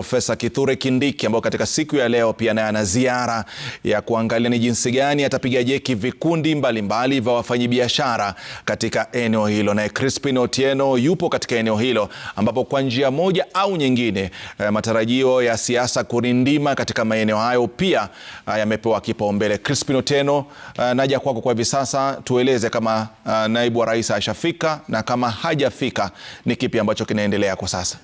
Profesa Kithure Kindiki ambao katika siku ya leo pia naye ana ziara ya kuangalia ni jinsi gani atapiga jeki vikundi mbalimbali vya wafanyabiashara katika eneo hilo. Naye Crispin Otieno yupo katika eneo hilo ambapo kwa njia moja au nyingine eh, matarajio ya siasa kurindima katika maeneo hayo pia eh, yamepewa kipaumbele. Crispin Otieno, eh, naja kwako kwa hivi sasa, tueleze kama eh, naibu wa rais ashafika na kama hajafika ni kipi ambacho kinaendelea kwa sasa?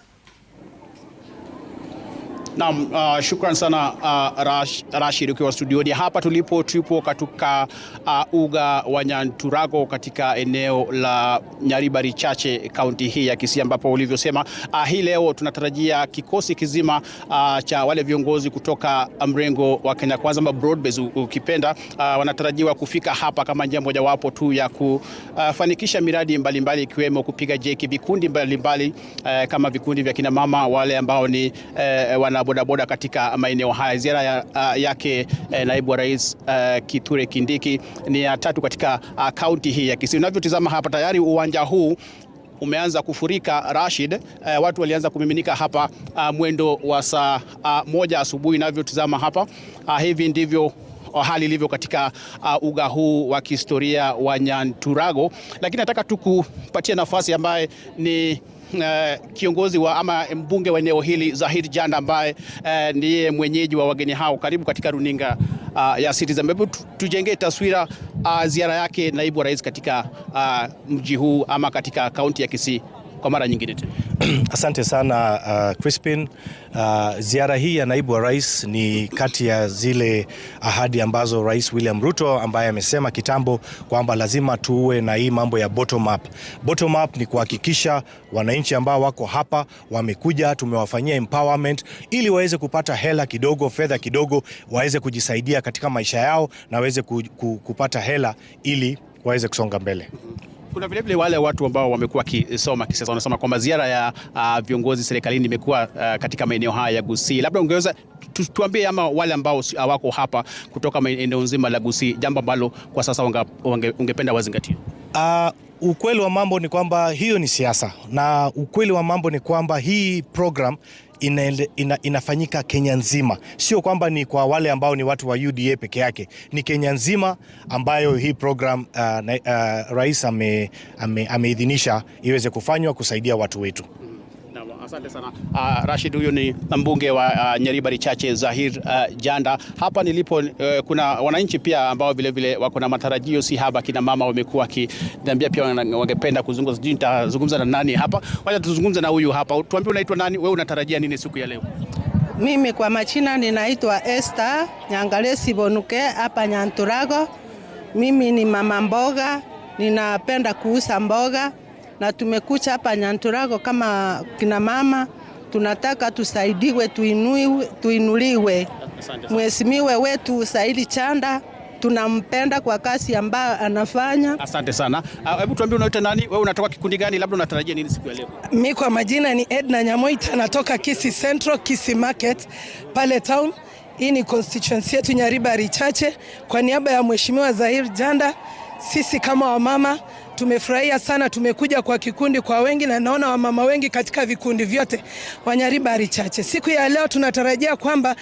Naam, uh, shukran sana uh, Rash, Rashid ukiwa studioni hapa tulipo. Tupo katika uh, uga wa Nyanturago katika eneo la Nyaribari Chache kaunti hii ya Kisii, ambapo ulivyosema, uh, hii leo tunatarajia kikosi kizima uh, cha wale viongozi kutoka mrengo wa Kenya Kwanza ama Broadbase ukipenda, uh, wanatarajiwa kufika hapa kama njia mojawapo tu ya kufanikisha miradi mbalimbali ikiwemo mbali kupiga jeki vikundi mbalimbali uh, kama vikundi vya kinamama wale ambao ni uh, wana bodaboda katika maeneo haya. Ziara ya, uh, yake eh, naibu wa rais uh, Kithure Kindiki ni ya tatu katika uh, kaunti hii ya Kisii. Unavyotizama hapa tayari uwanja huu umeanza kufurika Rashid. Uh, watu walianza kumiminika hapa uh, mwendo wa saa uh, moja asubuhi. Navyotizama hapa uh, hivi ndivyo uh, hali ilivyo katika uh, uga huu wa kihistoria wa Nyanturago, lakini nataka tukupatie nafasi ambaye ni uh, kiongozi wa ama mbunge wa eneo hili Zahid Janda ambaye uh, ndiye mwenyeji wa wageni hao. Karibu katika runinga uh, ya Citizen. Hebu tujenge taswira uh, ziara yake naibu wa rais katika uh, mji huu ama katika kaunti ya Kisii kwa mara nyingine tena. Asante sana uh, Crispin. Uh, ziara hii ya naibu wa rais ni kati ya zile ahadi ambazo Rais William Ruto ambaye amesema kitambo kwamba lazima tuwe na hii mambo ya bottom up. Bottom up ni kuhakikisha wananchi ambao wako hapa wamekuja, tumewafanyia empowerment ili waweze kupata hela kidogo, fedha kidogo, waweze kujisaidia katika maisha yao na waweze ku, ku, kupata hela ili waweze kusonga mbele. Kuna vilevile wale watu ambao wamekuwa wakisoma kisiasa, wanasema kwamba ziara ya uh, viongozi serikalini imekuwa uh, katika maeneo haya ya Gusii, labda ungeweza tu, tuambie ama wale ambao hawako hapa kutoka eneo nzima la Gusii, jambo ambalo kwa sasa unge, unge, ungependa wazingatie? Uh, ukweli wa mambo ni kwamba hiyo ni siasa, na ukweli wa mambo ni kwamba hii program ina, ina, inafanyika Kenya nzima, sio kwamba ni kwa wale ambao ni watu wa UDA peke yake, ni Kenya nzima ambayo hii program uh, uh, rais ameidhinisha ame iweze kufanywa kusaidia watu wetu. Asante sana uh, Rashid. Huyu ni mbunge wa uh, ah, Nyaribari Chache Zahir uh, Janda. Hapa nilipo uh, kuna wananchi pia ambao vilevile wako na matarajio si haba, kina mama wamekuwa wakiniambia pia wangependa kuzungumza. Sijui nitazungumza na nani hapa, wacha tuzungumze na huyu hapa. Tuambie, unaitwa nani wewe, unatarajia nini siku ya leo? Mimi kwa machina ninaitwa Esther Nyangalesi Bonuke hapa Nyanturago. Mimi ni mama mboga, ninapenda kuuza mboga na tumekucha hapa Nyanturago kama kina mama, tunataka tusaidiwe, tuinuiwe, tuinuliwe. Mheshimiwa wetu Saidi Chanda tunampenda kwa kazi ambayo anafanya. Asante sana. Ah, hebu tuambie unaitwa nani? Wewe unatoka kikundi gani? Labda unatarajia nini siku ya leo? Mimi kwa majina ni Edna Nyamoita, natoka Kisi Central, Kisi Market pale town. Hii ni constituency yetu Nyaribari Chache. Kwa niaba ya Mheshimiwa Zahir Janda, sisi kama wamama Tumefurahia sana, tumekuja kwa kikundi, kwa wengi, na naona wamama wengi katika vikundi vyote. Wanyaribari chache, siku ya leo tunatarajia kwamba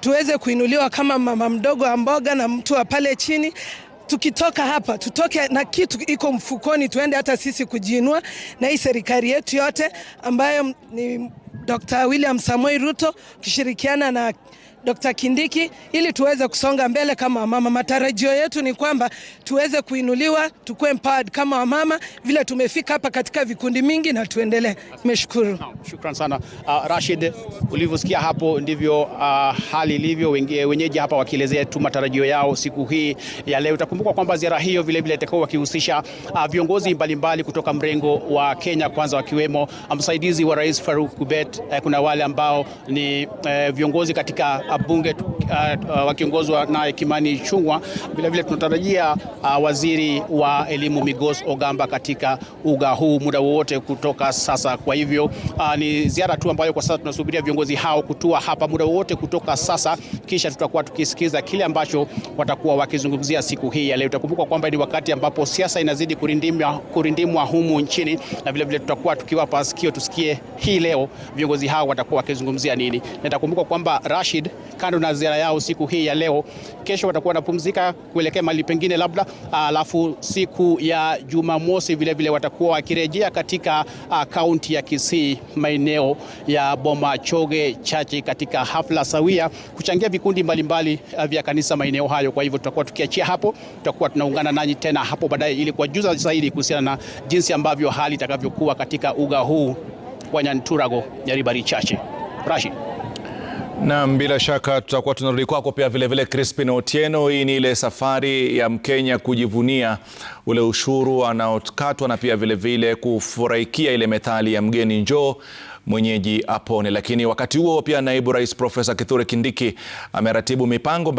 tuweze kuinuliwa kama mama mdogo wa mboga na mtu wa pale chini tukitoka hapa tutoke na kitu iko mfukoni, tuende hata sisi kujiinua na hii serikali yetu yote ambayo ni Dr. William Samoei Ruto kishirikiana na Dkt. Kindiki ili tuweze kusonga mbele kama wamama. Matarajio yetu ni kwamba tuweze kuinuliwa, tukue empowered kama wamama vile tumefika hapa katika vikundi mingi na tuendelee. Nimeshukuru. Shukran sana. Uh, Rashid, ulivyosikia hapo ndivyo uh, hali ilivyo, wenyeji hapa wakielezea tu matarajio yao siku hii ya leo. Utakumbuka kwamba ziara hiyo vile vile itakuwa wakihusisha uh, viongozi mbalimbali mbali kutoka mrengo wa Kenya Kwanza, wakiwemo msaidizi wa Rais Faruk Kubet. Uh, kuna wale ambao ni uh, viongozi katika bunge uh, uh wakiongozwa naye Kimani Ichung'wa. Vilevile tunatarajia uh, waziri wa elimu Migos Ogamba katika uga huu muda wowote kutoka sasa. Kwa hivyo uh, ni ziara tu ambayo kwa sasa tunasubiria viongozi hao kutua hapa muda wowote kutoka sasa, kisha tutakuwa tukisikiza kile ambacho watakuwa wakizungumzia siku hii ya leo. Itakumbuka kwamba ni wakati ambapo siasa inazidi kurindimwa, kurindimwa humu nchini, na vilevile tutakuwa tukiwapa sikio tusikie hii leo viongozi hao watakuwa wakizungumzia nini, na itakumbuka kwamba Rashid kando na ziara yao siku hii ya leo. Kesho watakuwa wanapumzika kuelekea mahali pengine labda, alafu siku ya Jumamosi vilevile watakuwa wakirejea katika kaunti ya Kisii, maeneo ya Bomachoge Chachi, katika hafla sawia kuchangia vikundi mbalimbali vya kanisa maeneo hayo. Kwa hivyo tutakuwa tukiachia hapo, tutakuwa tunaungana nanyi tena hapo baadaye ili kuwajuza zaidi kuhusiana na jinsi ambavyo hali itakavyokuwa katika uga huu wa Nyanturago Nyaribari Chache. Rashid. Naam, bila shaka tutakuwa tunarudi kwako pia vilevile, Crispin Otieno. Hii ni ile safari ya Mkenya kujivunia ule ushuru anaokatwa na pia vilevile kufurahikia ile methali ya mgeni njoo mwenyeji apone. Lakini wakati huo pia naibu rais Profesa Kithure Kindiki ameratibu mipango mbali